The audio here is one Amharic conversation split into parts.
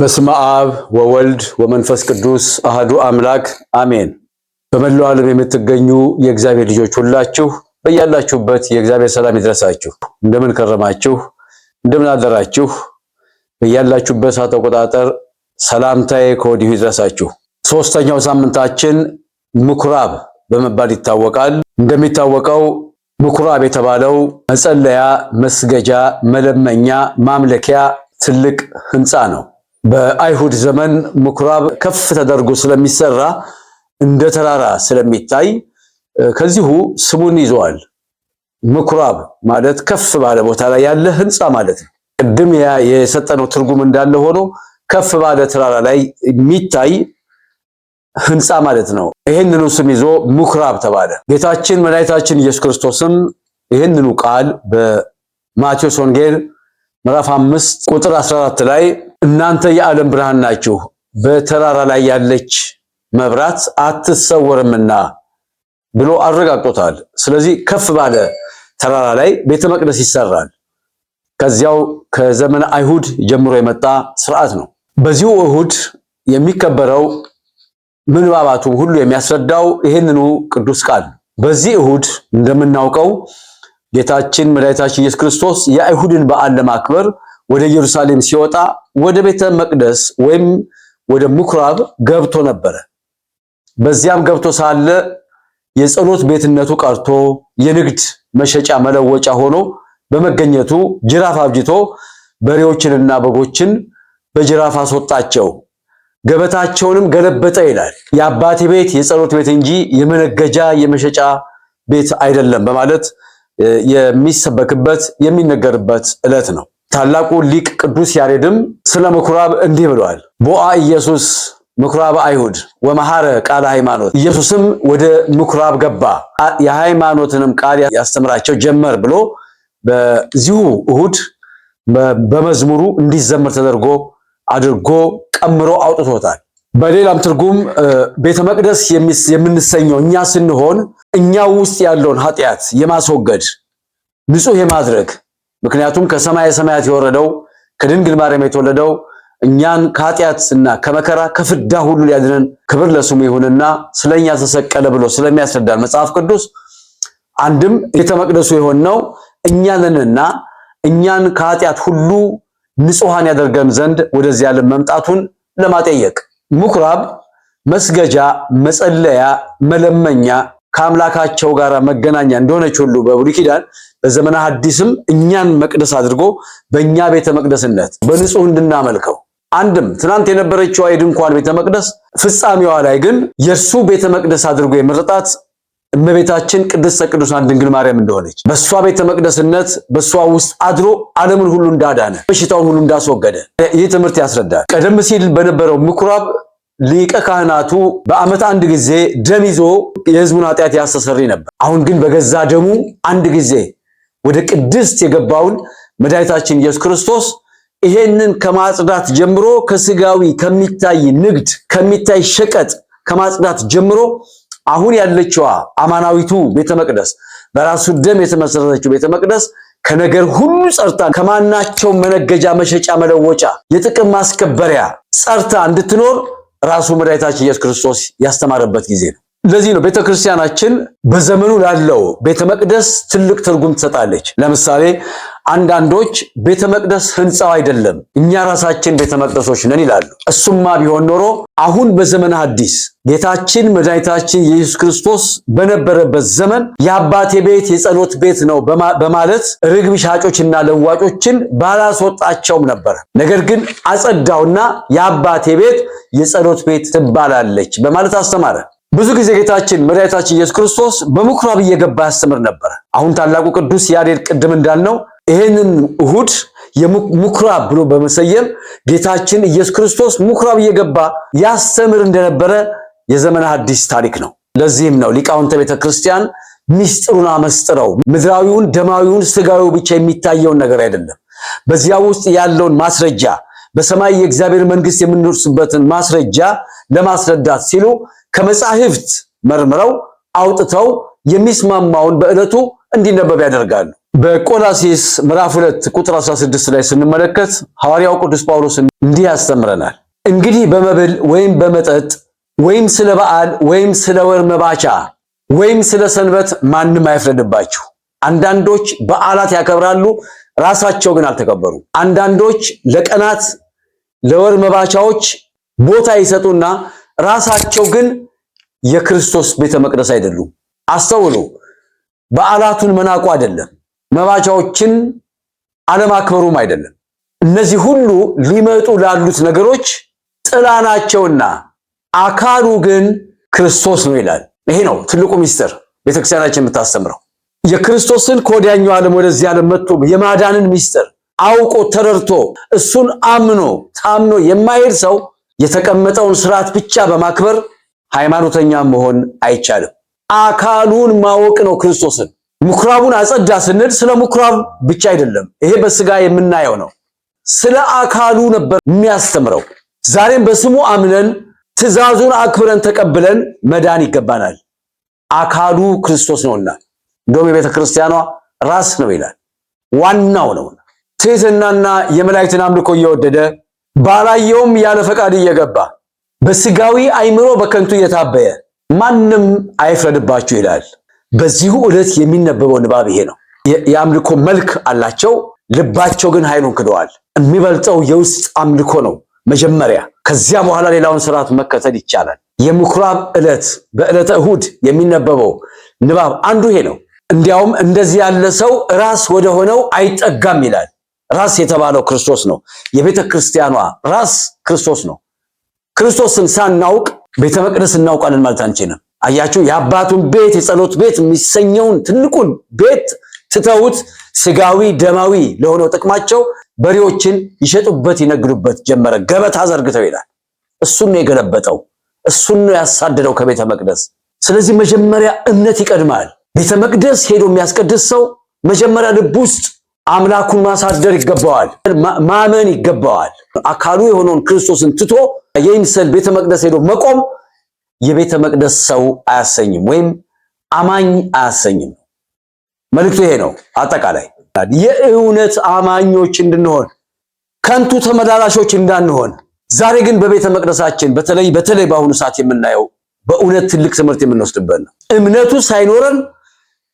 በስመ አብ ወወልድ ወመንፈስ ቅዱስ አህዱ አምላክ አሜን። በመላው ዓለም የምትገኙ የእግዚአብሔር ልጆች ሁላችሁ በያላችሁበት የእግዚአብሔር ሰላም ይድረሳችሁ። እንደምን ከረማችሁ? እንደምን አደራችሁ? በያላችሁበት ሰዓት አቆጣጠር ሰላምታዬ ከወዲሁ ይድረሳችሁ። ሶስተኛው ሳምንታችን ምኩራብ በመባል ይታወቃል። እንደሚታወቀው ምኩራብ የተባለው መጸለያ፣ መስገጃ፣ መለመኛ፣ ማምለኪያ ትልቅ ህንፃ ነው። በአይሁድ ዘመን ምኩራብ ከፍ ተደርጎ ስለሚሰራ እንደ ተራራ ስለሚታይ ከዚሁ ስሙን ይዘዋል። ምኩራብ ማለት ከፍ ባለ ቦታ ላይ ያለ ህንፃ ማለት ነው። ቅድም የሰጠነው ትርጉም እንዳለ ሆኖ ከፍ ባለ ተራራ ላይ የሚታይ ህንፃ ማለት ነው። ይህንኑ ስም ይዞ ምኩራብ ተባለ። ጌታችን መድኃኒታችን ኢየሱስ ክርስቶስም ይህንኑ ቃል በማቴዎስ ወንጌል ምዕራፍ አምስት ቁጥር 14 ላይ እናንተ የዓለም ብርሃን ናችሁ፣ በተራራ ላይ ያለች መብራት አትሰወርምና ብሎ አረጋግጦታል። ስለዚህ ከፍ ባለ ተራራ ላይ ቤተ መቅደስ ይሰራል። ከዚያው ከዘመነ አይሁድ ጀምሮ የመጣ ስርዓት ነው። በዚሁ እሁድ የሚከበረው ምንባባቱ ሁሉ የሚያስረዳው ይህንኑ ቅዱስ ቃል በዚህ እሁድ እንደምናውቀው ጌታችን መድኃኒታችን ኢየሱስ ክርስቶስ የአይሁድን በዓል ለማክበር ወደ ኢየሩሳሌም ሲወጣ ወደ ቤተ መቅደስ ወይም ወደ ምኩራብ ገብቶ ነበረ። በዚያም ገብቶ ሳለ የጸሎት ቤትነቱ ቀርቶ የንግድ መሸጫ መለወጫ ሆኖ በመገኘቱ ጅራፍ አብጅቶ በሬዎችንና በጎችን በጅራፍ አስወጣቸው፣ ገበታቸውንም ገለበጠ ይላል። የአባቴ ቤት የጸሎት ቤት እንጂ የመነገጃ የመሸጫ ቤት አይደለም በማለት የሚሰበክበት የሚነገርበት ዕለት ነው። ታላቁ ሊቅ ቅዱስ ያሬድም ስለ ምኩራብ እንዲህ ብለዋል። ቦአ ኢየሱስ ምኩራብ አይሁድ ወመሐረ ቃለ ሃይማኖት፣ ኢየሱስም ወደ ምኩራብ ገባ የሃይማኖትንም ቃል ያስተምራቸው ጀመር ብሎ በዚሁ እሁድ በመዝሙሩ እንዲዘምር ተደርጎ አድርጎ ቀምሮ አውጥቶታል። በሌላም ትርጉም ቤተ መቅደስ የምንሰኘው እኛ ስንሆን እኛ ውስጥ ያለውን ኃጢአት የማስወገድ ንጹህ የማድረግ ምክንያቱም ከሰማይ ሰማያት የወረደው ከድንግል ማርያም የተወለደው እኛን ከኃጢአትና ከመከራ ከፍዳ ሁሉ ሊያድነን ክብር ለስሙ ይሁንና ስለኛ ተሰቀለ ብሎ ስለሚያስረዳን መጽሐፍ ቅዱስ አንድም ቤተ መቅደሱ የሆነው ነንና እኛን ከኃጢአት ሁሉ ንጹሐን ያደርገን ዘንድ ወደዚህ ዓለም መምጣቱን ለማጠየቅ ምኩራብ መስገጃ፣ መጸለያ፣ መለመኛ ከአምላካቸው ጋር መገናኛ እንደሆነች ሁሉ በብሉይ ኪዳን በዘመነ ሐዲስም እኛን መቅደስ አድርጎ በእኛ ቤተ መቅደስነት በንጹህ እንድናመልከው አንድም ትናንት የነበረችው የድንኳን ቤተ መቅደስ ፍጻሜዋ ላይ ግን የእርሱ ቤተ መቅደስ አድርጎ የመረጣት እመቤታችን ቅድስተ ቅዱሳን ድንግል ማርያም እንደሆነች በእሷ ቤተ መቅደስነት በእሷ ውስጥ አድሮ ዓለምን ሁሉ እንዳዳነ በሽታውን ሁሉ እንዳስወገደ ይህ ትምህርት ያስረዳል። ቀደም ሲል በነበረው ምኩራብ ሊቀ ካህናቱ በዓመት አንድ ጊዜ ደም ይዞ የሕዝቡን ኃጢአት ያስተሰሪ ነበር። አሁን ግን በገዛ ደሙ አንድ ጊዜ ወደ ቅድስት የገባውን መድኃኒታችን ኢየሱስ ክርስቶስ ይሄንን ከማጽዳት ጀምሮ ከስጋዊ ከሚታይ ንግድ ከሚታይ ሸቀጥ ከማጽዳት ጀምሮ አሁን ያለችዋ አማናዊቱ ቤተ መቅደስ በራሱ ደም የተመሰረተችው ቤተ መቅደስ ከነገር ሁሉ ጸርታ ከማናቸው መነገጃ፣ መሸጫ፣ መለወጫ፣ የጥቅም ማስከበሪያ ጸርታ እንድትኖር ራሱ መድኃኒታችን ኢየሱስ ክርስቶስ ያስተማረበት ጊዜ ነው። ለዚህ ነው ቤተ ክርስቲያናችን በዘመኑ ላለው ቤተ መቅደስ ትልቅ ትርጉም ትሰጣለች። ለምሳሌ አንዳንዶች ቤተ መቅደስ ህንፃው አይደለም እኛ ራሳችን ቤተ መቅደሶች ነን ይላሉ። እሱማ ቢሆን ኖሮ አሁን በዘመነ ሐዲስ ጌታችን መድኃኒታችን ኢየሱስ ክርስቶስ በነበረበት ዘመን የአባቴ ቤት የጸሎት ቤት ነው በማለት ርግብ ሻጮችና ለዋጮችን ባላስወጣቸውም ነበር። ነገር ግን አጸዳውና የአባቴ ቤት የጸሎት ቤት ትባላለች በማለት አስተማረ። ብዙ ጊዜ ጌታችን መድኃኒታችን ኢየሱስ ክርስቶስ በምኩራብ እየገባ ያስተምር ነበር። አሁን ታላቁ ቅዱስ ያሬድ ቅድም እንዳልነው ይህንን እሁድ የምኩራብ ብሎ በመሰየም ጌታችን ኢየሱስ ክርስቶስ ምኩራብ እየገባ ያስተምር እንደነበረ የዘመነ አዲስ ታሪክ ነው። ለዚህም ነው ሊቃውንተ ቤተ ክርስቲያን ሚስጥሩን አመስጥረው ምድራዊውን፣ ደማዊውን፣ ስጋዊ ብቻ የሚታየውን ነገር አይደለም በዚያ ውስጥ ያለውን ማስረጃ በሰማይ የእግዚአብሔር መንግስት የምንወርስበትን ማስረጃ ለማስረዳት ሲሉ ከመጻሕፍት መርምረው አውጥተው የሚስማማውን በዕለቱ እንዲነበብ ያደርጋሉ። በቆላሴስ ምዕራፍ 2 ቁጥር 16 ላይ ስንመለከት ሐዋርያው ቅዱስ ጳውሎስ እንዲህ ያስተምረናል። እንግዲህ በመብል ወይም በመጠጥ ወይም ስለ በዓል ወይም ስለ ወር መባቻ ወይም ስለ ሰንበት ማንም አይፍረድባችሁ። አንዳንዶች በዓላት ያከብራሉ፣ ራሳቸው ግን አልተከበሩ። አንዳንዶች ለቀናት ለወር መባቻዎች ቦታ ይሰጡና ራሳቸው ግን የክርስቶስ ቤተ መቅደስ አይደሉም። አስተውሉ፣ በዓላቱን መናቁ አይደለም መባቻዎችን አለማክበሩም አይደለም። እነዚህ ሁሉ ሊመጡ ላሉት ነገሮች ጥላ ናቸውና አካሉ ግን ክርስቶስ ነው ይላል። ይሄ ነው ትልቁ ሚስጥር ቤተክርስቲያናችን የምታስተምረው የክርስቶስን ከወዲያኛው ዓለም ወደዚህ ዓለም መጥቶ የማዳንን ሚስጥር አውቆ ተረድቶ እሱን አምኖ ታምኖ የማይሄድ ሰው የተቀመጠውን ስርዓት ብቻ በማክበር ሃይማኖተኛ መሆን አይቻልም። አካሉን ማወቅ ነው ክርስቶስን ምኩራቡን አጸዳ ስንል ስለ ምኩራብ ብቻ አይደለም። ይሄ በስጋ የምናየው ነው። ስለ አካሉ ነበር የሚያስተምረው። ዛሬም በስሙ አምነን ትእዛዙን አክብረን ተቀብለን መዳን ይገባናል። አካሉ ክርስቶስ ነውና፣ እንደውም የቤተ ክርስቲያኗ ራስ ነው ይላል። ዋናው ነው። ትህትናና የመላእክትን አምልኮ እየወደደ ባላየውም ያለ ፈቃድ እየገባ በስጋዊ አይምሮ በከንቱ እየታበየ ማንም አይፍረድባችሁ ይላል። በዚሁ ዕለት የሚነበበው ንባብ ይሄ ነው። የአምልኮ መልክ አላቸው፣ ልባቸው ግን ኃይሉን ክደዋል። የሚበልጠው የውስጥ አምልኮ ነው መጀመሪያ። ከዚያ በኋላ ሌላውን ስርዓት መከተል ይቻላል። የምኩራብ ዕለት በዕለተ እሁድ የሚነበበው ንባብ አንዱ ይሄ ነው። እንዲያውም እንደዚህ ያለ ሰው ራስ ወደ ሆነው አይጠጋም ይላል። ራስ የተባለው ክርስቶስ ነው። የቤተ ክርስቲያኗ ራስ ክርስቶስ ነው። ክርስቶስን ሳናውቅ ቤተ መቅደስ እናውቃለን ማለት አንችልም። አያችሁ፣ የአባቱን ቤት የጸሎት ቤት የሚሰኘውን ትልቁን ቤት ትተውት ስጋዊ ደማዊ ለሆነው ጥቅማቸው በሬዎችን ይሸጡበት ይነግዱበት ጀመረ። ገበታ ዘርግተው ይላል። እሱን ነው የገለበጠው፣ እሱን ነው ያሳደደው ከቤተ መቅደስ። ስለዚህ መጀመሪያ እምነት ይቀድማል። ቤተ መቅደስ ሄዶ የሚያስቀድስ ሰው መጀመሪያ ልብ ውስጥ አምላኩን ማሳደር ይገባዋል፣ ማመን ይገባዋል። አካሉ የሆነውን ክርስቶስን ትቶ የይምሰል ቤተ መቅደስ ሄዶ መቆም የቤተ መቅደስ ሰው አያሰኝም ወይም አማኝ አያሰኝም። መልእክቱ ይሄ ነው። አጠቃላይ የእውነት አማኞች እንድንሆን ከንቱ ተመላላሾች እንዳንሆን፣ ዛሬ ግን በቤተ መቅደሳችን በተለይ በተለይ በአሁኑ ሰዓት የምናየው በእውነት ትልቅ ትምህርት የምንወስድበት ነው። እምነቱ ሳይኖረን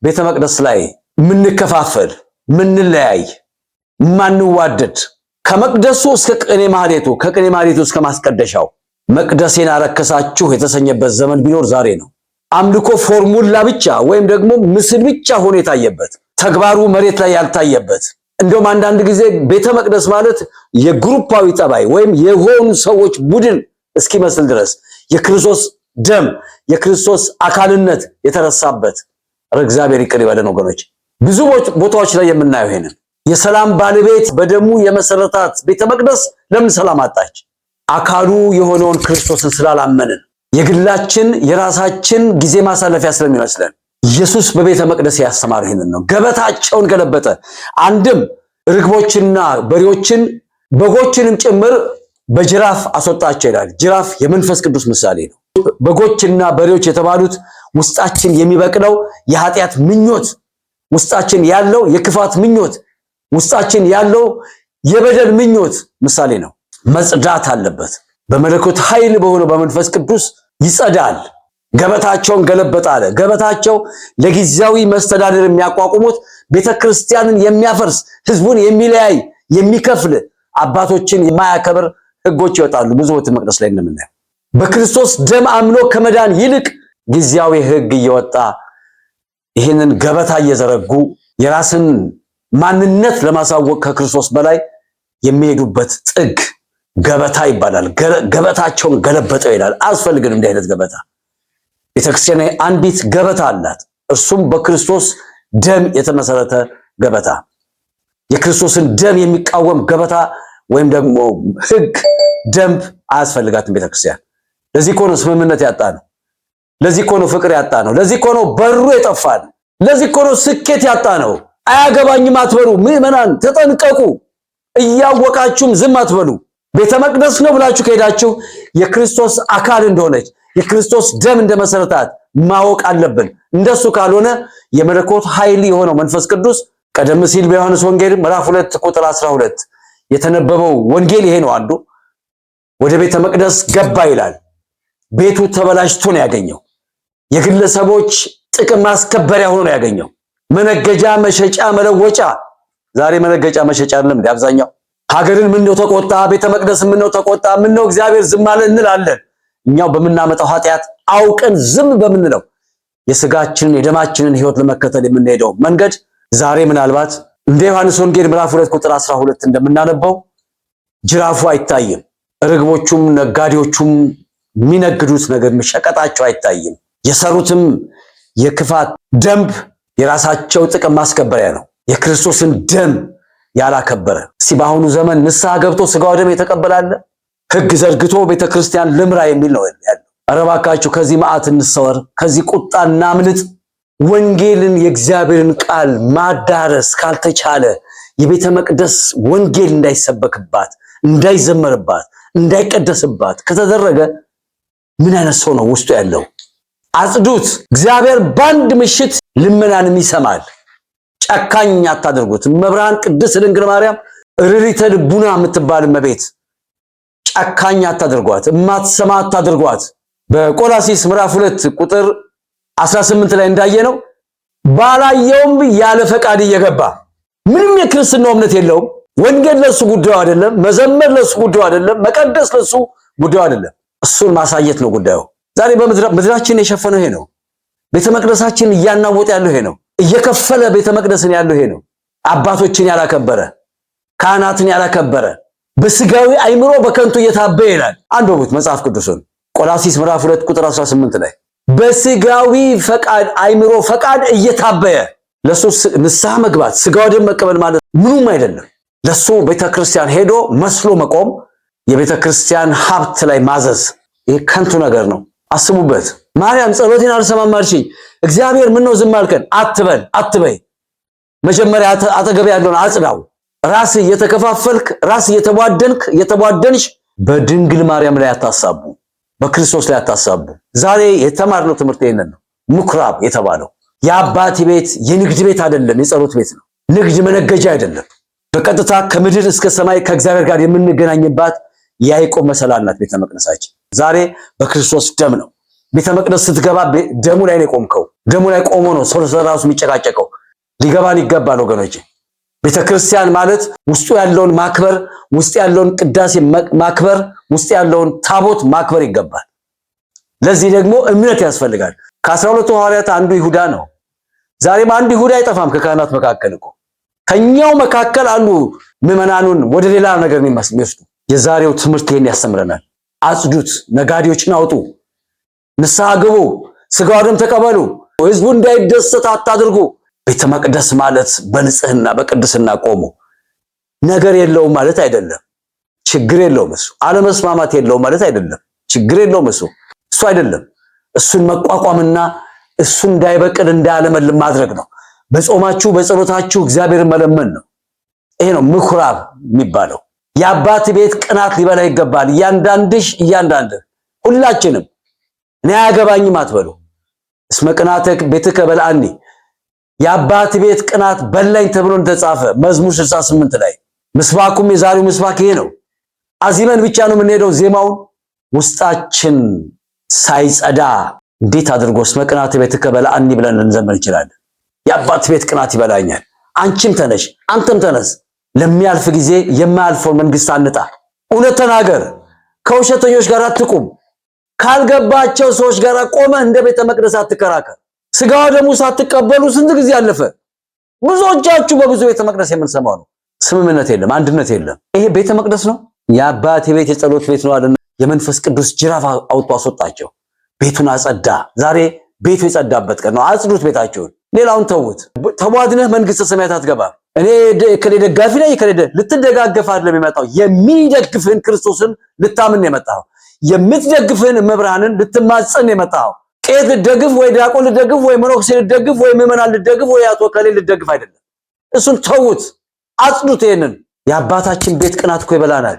ቤተ መቅደስ ላይ ምንከፋፈል፣ ምንለያይ፣ ማንዋደድ ከመቅደሱ እስከ ቅኔ ማህሌቱ ከቅኔ ማህሌቱ እስከ ማስቀደሻው መቅደሴን አረከሳችሁ የተሰኘበት ዘመን ቢኖር ዛሬ ነው። አምልኮ ፎርሙላ ብቻ ወይም ደግሞ ምስል ብቻ ሆኖ የታየበት ተግባሩ መሬት ላይ ያልታየበት እንደውም አንዳንድ ጊዜ ቤተ መቅደስ ማለት የግሩፓዊ ጠባይ ወይም የሆኑ ሰዎች ቡድን እስኪመስል ድረስ የክርስቶስ ደም የክርስቶስ አካልነት የተረሳበት። ኧረ እግዚአብሔር ይቅር ይበለን ወገኖች። ብዙ ቦታዎች ላይ የምናየው ይሄንን የሰላም ባለቤት በደሙ የመሰረታት ቤተ መቅደስ ለምን ሰላም አጣች? አካሉ የሆነውን ክርስቶስን ስላላመንን የግላችን የራሳችን ጊዜ ማሳለፊያ ስለሚመስለን ኢየሱስ በቤተ መቅደስ ያስተማር ይህንን ነው። ገበታቸውን ገለበጠ። አንድም ርግቦችና በሬዎችን በጎችንም ጭምር በጅራፍ አስወጣቸው ይላል። ጅራፍ የመንፈስ ቅዱስ ምሳሌ ነው። በጎችና በሬዎች የተባሉት ውስጣችን የሚበቅለው የኃጢአት ምኞት፣ ውስጣችን ያለው የክፋት ምኞት፣ ውስጣችን ያለው የበደል ምኞት ምሳሌ ነው። መጽዳት አለበት። በመለኮት ኃይል በሆነው በመንፈስ ቅዱስ ይጸዳል። ገበታቸውን ገለበጥ አለ። ገበታቸው ለጊዜያዊ መስተዳደር የሚያቋቁሙት ቤተ ክርስቲያንን የሚያፈርስ ህዝቡን የሚለያይ የሚከፍል አባቶችን የማያከብር ህጎች ይወጣሉ። ብዙ ቤተ መቅደስ ላይ እንደምናየው በክርስቶስ ደም አምኖ ከመዳን ይልቅ ጊዜያዊ ህግ እየወጣ ይህንን ገበታ እየዘረጉ የራስን ማንነት ለማሳወቅ ከክርስቶስ በላይ የሚሄዱበት ጥግ ገበታ ይባላል። ገበታቸውን ገለበጠው ይላል። አያስፈልግንም እንዲህ አይነት ገበታ። ቤተክርስቲያን አንዲት ገበታ አላት። እርሱም በክርስቶስ ደም የተመሰረተ ገበታ። የክርስቶስን ደም የሚቃወም ገበታ ወይም ደግሞ ህግ፣ ደንብ አያስፈልጋትም ቤተክርስቲያን። ለዚህ እኮ ነው ስምምነት ያጣ ነው። ለዚህ እኮ ነው ፍቅር ያጣ ነው። ለዚህ እኮ ነው በሩ የጠፋ ለዚህ እኮ ነው ስኬት ያጣ ነው። አያገባኝም አትበሉ ምዕመናን፣ ተጠንቀቁ። እያወቃችሁም ዝም አትበሉ። ቤተ መቅደስ ነው ብላችሁ ከሄዳችሁ የክርስቶስ አካል እንደሆነች የክርስቶስ ደም እንደመሰረታት ማወቅ አለብን። እንደሱ ካልሆነ የመለኮት ኃይል የሆነው መንፈስ ቅዱስ ቀደም ሲል በዮሐንስ ወንጌል ምዕራፍ ሁለት ቁጥር 12 የተነበበው ወንጌል ይሄ ነው። አንዱ ወደ ቤተ መቅደስ ገባ ይላል። ቤቱ ተበላሽቶ ነው ያገኘው። የግለሰቦች ጥቅም ማስከበሪያ ሆኖ ነው ያገኘው። መነገጃ፣ መሸጫ፣ መለወጫ። ዛሬ መነገጫ መሸጫ አይደለም አብዛኛው ሀገርን ምነው ተቆጣ፣ ቤተ መቅደስ ምነው ተቆጣ፣ ምነው እግዚአብሔር ዝም አለ እንላለን። እኛው በምናመጣው ኃጢአት አውቀን ዝም በምንለው የስጋችንን የደማችንን ህይወት ለመከተል የምንሄደው መንገድ ዛሬ ምናልባት እንደ ዮሐንስ ወንጌል ምዕራፍ 2 ቁጥር 12 እንደምናነበው ጅራፉ አይታይም፣ ርግቦቹም ነጋዴዎቹም የሚነግዱት ነገር ሸቀጣቸው አይታይም። የሰሩትም የክፋት ደንብ የራሳቸው ጥቅም ማስከበሪያ ነው። የክርስቶስን ደም ያላከበረ እስቲ በአሁኑ ዘመን ንስሐ ገብቶ ስጋ ወደም የተቀበላለ ህግ ዘርግቶ ቤተክርስቲያን ልምራ የሚል ነው ያለው። ኧረ እባካችሁ ከዚህ መዓት እንሰወር፣ ከዚህ ቁጣ እናምልጥ። ወንጌልን የእግዚአብሔርን ቃል ማዳረስ ካልተቻለ የቤተ መቅደስ ወንጌል እንዳይሰበክባት፣ እንዳይዘመርባት፣ እንዳይቀደስባት ከተደረገ ምን አይነት ሰው ነው ውስጡ ያለው? አጽዱት። እግዚአብሔር በአንድ ምሽት ልመናንም ይሰማል። ጨካኝ አታድርጉት። መብርሃን ቅድስት ድንግል ማርያም ርሪተ ልቡና የምትባል መቤት ጨካኝ አታድርጓት፣ እማትሰማ አታድርጓት። በቆላሲስ ምዕራፍ ሁለት ቁጥር 18 ላይ እንዳየነው ባላየውም ያለ ፈቃድ እየገባ ምንም የክርስትናው እምነት የለውም። ወንጌል ለሱ ጉዳዩ አይደለም። መዘመር ለሱ ጉዳዩ አይደለም። መቀደስ ለሱ ጉዳዩ አይደለም። እሱን ማሳየት ነው ጉዳዩ። ዛሬ በምድራችን የሸፈነው ይሄ ነው። ቤተ መቅደሳችን እያናወጠ ያለው ይሄ ነው። እየከፈለ ቤተ መቅደስን ያለው ይሄ ነው። አባቶችን ያላከበረ ካህናትን ያላከበረ በስጋዊ አይምሮ በከንቱ እየታበ ይላል። አንብቡት መጽሐፍ ቅዱስን ቆላሲስ ምዕራፍ 2 ቁጥር 18 ላይ በስጋዊ ፈቃድ አይምሮ ፈቃድ እየታበየ ለሱ ንስሐ መግባት ስጋ ደም መቀበል ማለት ምኑም አይደለም። ለሱ ቤተክርስቲያን ሄዶ መስሎ መቆም፣ የቤተክርስቲያን ሀብት ላይ ማዘዝ ይሄ ከንቱ ነገር ነው። አስቡበት። ማርያም ጸሎቴን አልሰማም አልሽኝ፣ እግዚአብሔር ምን ነው ዝም አልከን አትበል አትበይ። መጀመሪያ አጠገብ ያለውን አጽዳው። ራስ እየተከፋፈልክ ራስ እየተቧደንክ እየተቧደንሽ በድንግል ማርያም ላይ አታሳቡ፣ በክርስቶስ ላይ አታሳቡ። ዛሬ የተማርነው ትምህርት ይሄንን ነው። ምኩራብ የተባለው የአባቴ ቤት የንግድ ቤት አይደለም፣ የጸሎት ቤት ነው። ንግድ መነገጃ አይደለም። በቀጥታ ከምድር እስከ ሰማይ ከእግዚአብሔር ጋር የምንገናኝባት የያዕቆብ መሰላል ናት ቤተ መቅደሳችን። ዛሬ በክርስቶስ ደም ነው። ቤተ መቅደስ ስትገባ ደሙ ላይ ነው የቆምከው። ደሙ ላይ ቆሞ ነው ሰው ራሱ የሚጨቃጨቀው። ሊገባን ይገባል ወገኖች። ቤተ ክርስቲያን ማለት ውስጡ ያለውን ማክበር፣ ውስጥ ያለውን ቅዳሴ ማክበር፣ ውስጥ ያለውን ታቦት ማክበር ይገባል። ለዚህ ደግሞ እምነት ያስፈልጋል። ከአስራ ሁለቱ ሐዋርያት አንዱ ይሁዳ ነው። ዛሬም አንዱ ይሁዳ አይጠፋም ከካህናት መካከል እኮ ከኛው መካከል አንዱ ምዕመናኑን ወደ ሌላ ነገር የሚወስዱ የዛሬው ትምህርት ይህን ያስተምረናል። አጽዱት፣ ነጋዴዎችን አውጡ፣ ንስሐ ግቡ፣ ስጋው ደም ተቀበሉ፣ ህዝቡ እንዳይደሰት አታድርጉ። ቤተ መቅደስ ማለት በንጽህና በቅድስና ቆሞ ነገር የለውም ማለት አይደለም። ችግር የለውም እሱ። አለመስማማት የለውም ማለት አይደለም። ችግር የለውም እሱ እሱ አይደለም። እሱን መቋቋምና እሱ እንዳይበቅል እንዳያለመልም ማድረግ ነው። በጾማችሁ በጸሎታችሁ እግዚአብሔርን መለመን ነው። ይሄ ነው ምኩራብ የሚባለው። የአባት ቤት ቅናት ሊበላ ይገባል። እያንዳንድሽ እያንዳንድ ሁላችንም እኔ አያገባኝም አትበሉ። እስመ ቅናትህ ቤትከ በልዐኒ፣ የአባት ቤት ቅናት በላኝ ተብሎ እንደተጻፈ መዝሙር 68 ላይ ምስባኩም የዛሬው ምስባክ ይሄ ነው። አዚመን ብቻ ነው የምንሄደው ዜማውን ውስጣችን ሳይጸዳ እንዴት አድርጎ እስመ ቅናትህ ቤትከ በልዐኒ ብለን ልንዘምር እንችላለን። የአባት ቤት ቅናት ይበላኛል። አንቺም ተነሽ፣ አንተም ተነስ። ለሚያልፍ ጊዜ የማያልፈውን መንግስት አንጣ። እውነት ተናገር። ከውሸተኞች ጋር አትቁም። ካልገባቸው ሰዎች ጋር ቆመ እንደ ቤተ መቅደስ አትከራከር። ስጋዋ ደሙ ሳትቀበሉ ስንት ጊዜ አለፈ? ብዙዎቻችሁ በብዙ ቤተ መቅደስ የምንሰማው ነው። ስምምነት የለም፣ አንድነት የለም። ይሄ ቤተ መቅደስ ነው፣ የአባቴ ቤት የጸሎት ቤት ነው አለና የመንፈስ ቅዱስ ጅራፍ አውጥቶ አስወጣቸው። ቤቱን አጸዳ። ዛሬ ቤቱ የጸዳበት ቀን ነው። አጽዱት ቤታችሁን፣ ሌላውን ተዉት። ተቧድነህ መንግስተ ሰማያት አትገባም። እኔ የከሌ ደጋፊ ላይ የከሌ ልትደጋገፍ አይደለም የመጣው የሚደግፍህን ክርስቶስን ልታምን የመጣው የምትደግፍህን መብርሃንን ልትማጸን የመጣው ቄት ልደግፍ ወይ ዲያቆን ልደግፍ ወይ መነኩሴ ልደግፍ ወይ ምዕመናን ልደግፍ ወይ አቶ ከሌ ልደግፍ አይደለም። እሱን ተዉት፣ አጽዱት። ይሄንን የአባታችን ቤት ቅናት እኮ ይበላናል።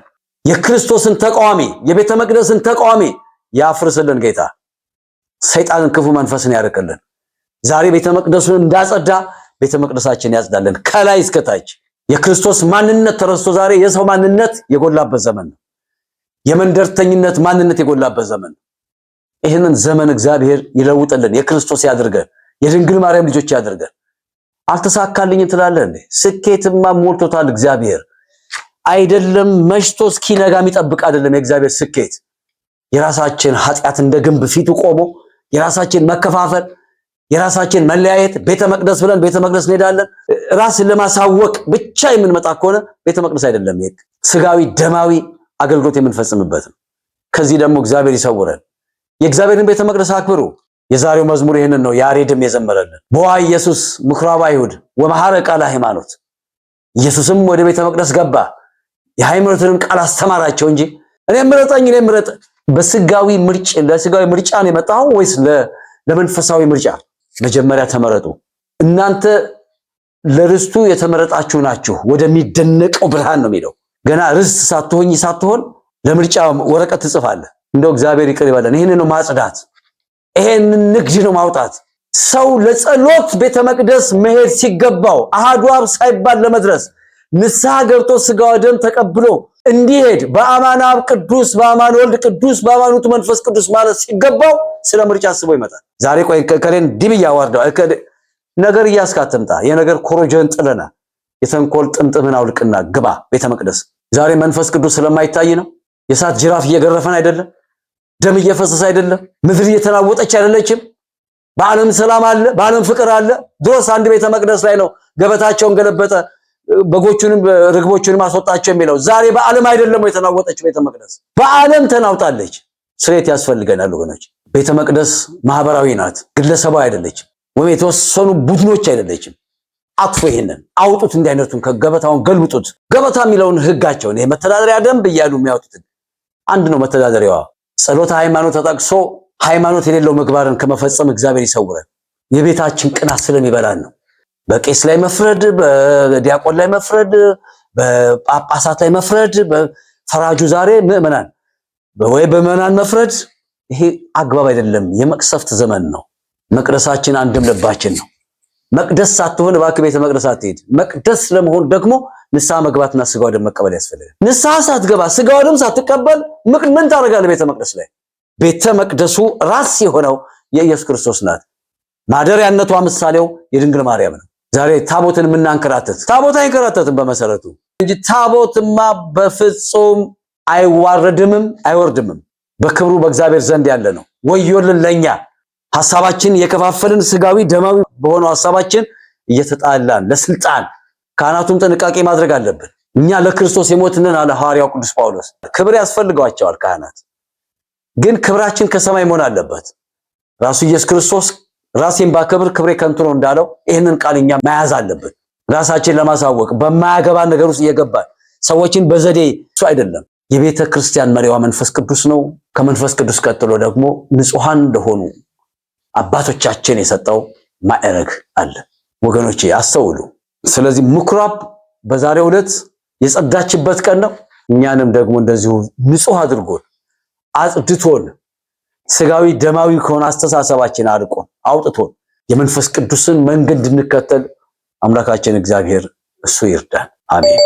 የክርስቶስን ተቃዋሚ የቤተ መቅደስን ተቃዋሚ ያፍርስልን ጌታ። ሰይጣንን ክፉ መንፈስን ያርቅልን። ዛሬ ቤተ መቅደሱን እንዳጸዳ ቤተ መቅደሳችን ያጽዳለን ከላይ እስከታች። የክርስቶስ ማንነት ተረስቶ ዛሬ የሰው ማንነት የጎላበት ዘመን ነው። የመንደርተኝነት ማንነት የጎላበት ዘመን ነው። ይህንን ዘመን እግዚአብሔር ይለውጥልን፣ የክርስቶስ ያድርገን፣ የድንግል ማርያም ልጆች ያድርገን። አልተሳካልኝ ትላለህ እንዴ? ስኬትማ ሞልቶታል እግዚአብሔር። አይደለም መሽቶ እስኪነጋ የሚጠብቅ አይደለም የእግዚአብሔር ስኬት። የራሳችን ኃጢአት እንደ ግንብ ፊቱ ቆሞ የራሳችን መከፋፈል የራሳችን መለያየት ቤተ መቅደስ ብለን ቤተ መቅደስ እንሄዳለን። ራስን ለማሳወቅ ብቻ የምንመጣ ከሆነ ቤተ መቅደስ አይደለም። ይሄ ስጋዊ ደማዊ አገልግሎት የምንፈጽምበት ነው። ከዚህ ደግሞ እግዚአብሔር ይሰውረን። የእግዚአብሔርን ቤተ መቅደስ አክብሩ። የዛሬው መዝሙር ይህንን ነው ያሬድም የዘመረልን። በዋ ኢየሱስ ምኩራብ አይሁድ ወመሐረ ቃለ ሃይማኖት። ኢየሱስም ወደ ቤተ መቅደስ ገባ፣ የሃይማኖትንም ቃል አስተማራቸው እንጂ እኔ ምረጠኝ እኔ ምረጥ። በስጋዊ ምርጭ ለስጋዊ ምርጫ ነው የመጣው ወይስ ለመንፈሳዊ ምርጫ? መጀመሪያ ተመረጡ። እናንተ ለርስቱ የተመረጣችሁ ናችሁ ወደሚደነቀው ብርሃን ነው የሚለው። ገና ርስት ሳትሆኝ ሳትሆን ለምርጫ ወረቀት ትጽፋለህ። እንደው እግዚአብሔር ይቅር ይበለን። ይህን ነው ማጽዳት፣ ይሄንን ንግድ ነው ማውጣት። ሰው ለጸሎት ቤተ መቅደስ መሄድ ሲገባው አሃዱ አብ ሳይባል ለመድረስ ንስሐ ገብቶ ስጋ ወደም ተቀብሎ እንዲሄድ በአማን አብ ቅዱስ በአማን ወልድ ቅዱስ በአማን ውእቱ መንፈስ ቅዱስ ማለት ሲገባው ስለ ምርጫ አስቦ ይመጣል። ዛሬ ቆይ ከከሌን ዲብ እያዋርደው ነገር እያስካትምጣ የነገር ኮሮጆን ጥለና የተንኮል ጥምጥምን አውልቅና ግባ ቤተ መቅደስ። ዛሬ መንፈስ ቅዱስ ስለማይታይ ነው። የእሳት ጅራፍ እየገረፈን አይደለም። ደም እየፈሰሰ አይደለም። ምድር እየተናወጠች አይደለችም። በዓለም ሰላም አለ፣ በዓለም ፍቅር አለ። ድሮስ አንድ ቤተ መቅደስ ላይ ነው ገበታቸውን ገለበጠ በጎቹንም ርግቦቹንም አስወጣቸው የሚለው ዛሬ በዓለም አይደለም የተናወጠች ቤተ መቅደስ በዓለም ተናውጣለች። ስሬት ያስፈልገናል ወገኖች። ቤተ መቅደስ ማህበራዊ ናት፣ ግለሰባዊ አይደለችም፣ ወይም የተወሰኑ ቡድኖች አይደለችም። አጥፎ ይሄንን አውጡት፣ እንዲህ አይነቱን ከገበታውን ገልብጡት። ገበታ የሚለውን ህጋቸውን ይሄ መተዳደሪያ ደንብ እያሉ የሚያወጡት አንድ ነው። መተዳደሪያዋ ጸሎተ ሃይማኖት ተጠቅሶ ሃይማኖት የሌለው ምግባርን ከመፈጸም እግዚአብሔር ይሰውረን። የቤታችን ቅናት ስለሚበላን ነው። በቄስ ላይ መፍረድ፣ በዲያቆን ላይ መፍረድ፣ በጳጳሳት ላይ መፍረድ፣ በፈራጁ ዛሬ ምዕመናን ወይ በምዕመናን መፍረድ፣ ይሄ አግባብ አይደለም። የመቅሰፍት ዘመን ነው። መቅደሳችን አንድም ልባችን ነው። መቅደስ ሳትሆን እባክህ ቤተ መቅደስ አትሄድ። መቅደስ ለመሆን ደግሞ ንስሐ መግባትና ስጋ ወደም መቀበል ያስፈልጋል። ንስሐ ሳትገባ ስጋ ወደም ሳትቀበል ምን ታደርጋለህ? ቤተ መቅደስ ላይ ቤተ መቅደሱ ራስ የሆነው የኢየሱስ ክርስቶስ ናት። ማደሪያነቷ ምሳሌው የድንግል ማርያም ነው። ዛሬ ታቦትን የምናንከራተት ታቦት አይንከራተትም በመሰረቱ እንጂ ታቦትማ በፍጹም አይዋረድምም አይወርድምም። በክብሩ በእግዚአብሔር ዘንድ ያለ ነው። ወዮልን ለኛ ሐሳባችን የከፋፈልን ስጋዊ ደማዊ በሆነው ሐሳባችን እየተጣላን ለስልጣን ካህናቱም ጥንቃቄ ማድረግ አለብን። እኛ ለክርስቶስ የሞትንን አለ ሐዋርያው ቅዱስ ጳውሎስ። ክብር ያስፈልገዋቸዋል ካህናት ግን ክብራችን ከሰማይ መሆን አለበት። ራሱ ኢየሱስ ክርስቶስ ራሴን ባከብር ክብሬ ከንቱ ነው እንዳለው ይህንን ቃል እኛ መያዝ አለብን። ራሳችን ለማሳወቅ በማያገባ ነገር ውስጥ እየገባን ሰዎችን በዘዴ እሱ አይደለም። የቤተ ክርስቲያን መሪዋ መንፈስ ቅዱስ ነው። ከመንፈስ ቅዱስ ቀጥሎ ደግሞ ንጹሐን እንደሆኑ አባቶቻችን የሰጠው ማዕረግ አለ። ወገኖች አስተውሉ። ስለዚህ ምኩራብ በዛሬ ዕለት የጸዳችበት ቀን ነው። እኛንም ደግሞ እንደዚሁ ንጹህ አድርጎን አጽድቶን ስጋዊ ደማዊ ከሆነ አስተሳሰባችን አርቆን አውጥቶን የመንፈስ ቅዱስን መንገድ እንድንከተል አምላካችን እግዚአብሔር እሱ ይርዳን። አሜን።